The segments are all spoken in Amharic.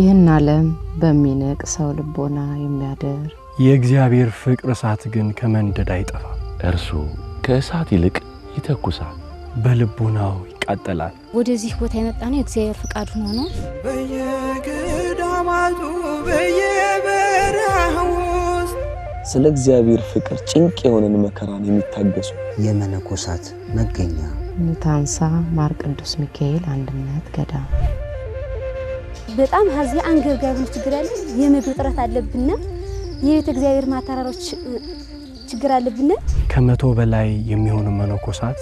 ይህን ዓለም በሚንቅ ሰው ልቦና የሚያደር የእግዚአብሔር ፍቅር እሳት ግን ከመንደድ አይጠፋም። እርሱ ከእሳት ይልቅ ይተኩሳል፣ በልቦናው ይቃጠላል። ወደዚህ ቦታ የመጣ ነው የእግዚአብሔር ፍቃድ ሆኖ ነው። በየገዳማቱ በየበረሃ ውስጥ ስለ እግዚአብሔር ፍቅር ጭንቅ የሆነን መከራን የሚታገሱ የመነኮሳት መገኛ ሙታንሳ ማር ቅዱስ ሚካኤል አንድነት ገዳም በጣም ሀዚ አንገብጋቢ ችግር አለ። የምግብ እጥረት አለብን። የቤተ እግዚአብሔር ማተራሮች ችግር አለብን። ከመቶ በላይ የሚሆኑ መነኮሳት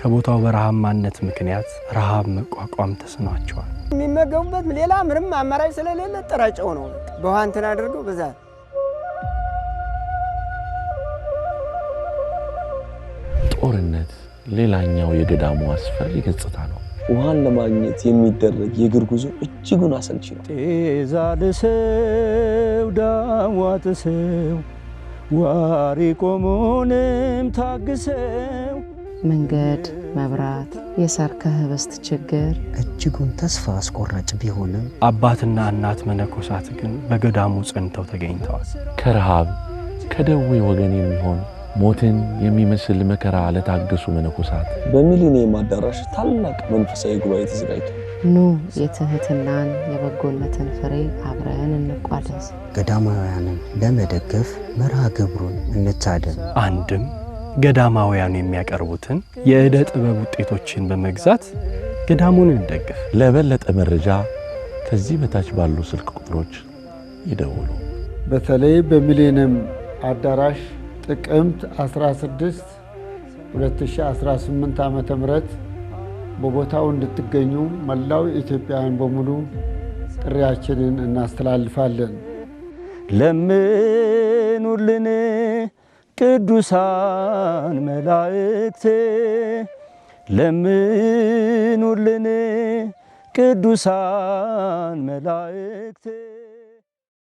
ከቦታው በረሃማነት ምክንያት ረሃብ መቋቋም ተስኗቸዋል። የሚመገቡበት ሌላ ምንም አማራጭ ስለሌለ ጥራጨው ነው። በውሃ እንትን አድርገው ጦርነት ሌላኛው የገዳሙ አስፈሪ ገጽታ ነው። ውሃን ለማግኘት የሚደረግ የእግር ጉዞ እጅጉን አሰልቺ ነው። ጤዛ ልሰው ዳዋ ጥሰው ዋሪ ቆሞንም ታግሰው መንገድ፣ መብራት፣ የሳር ከህብስት ችግር እጅጉን ተስፋ አስቆራጭ ቢሆንም አባትና እናት መነኮሳት ግን በገዳሙ ጸንተው ተገኝተዋል። ከረሃብ ከደዌ ወገን የሚሆን ሞትን የሚመስል መከራ ለታገሱ መነኮሳት በሚሊኒየም አዳራሽ ታላቅ መንፈሳዊ ጉባኤ ተዘጋጅቷል። ኑ የትህትናን የበጎነትን ፍሬ አብረን እንቋደስ። ገዳማውያንን ለመደገፍ መርሃ ግብሩን እንታደም። አንድም ገዳማውያኑ የሚያቀርቡትን የዕደ ጥበብ ውጤቶችን በመግዛት ገዳሙን እንደግፍ። ለበለጠ መረጃ ከዚህ በታች ባሉ ስልክ ቁጥሮች ይደውሉ። በተለይ በሚሊኒየም አዳራሽ ጥቅምት 16 2018 ዓ.ም በቦታው እንድትገኙ መላው ኢትዮጵያውያን በሙሉ ጥሪያችንን እናስተላልፋለን። ለምኑልን ቅዱሳን መላእክት፣ ለምኑልን ቅዱሳን መላእክት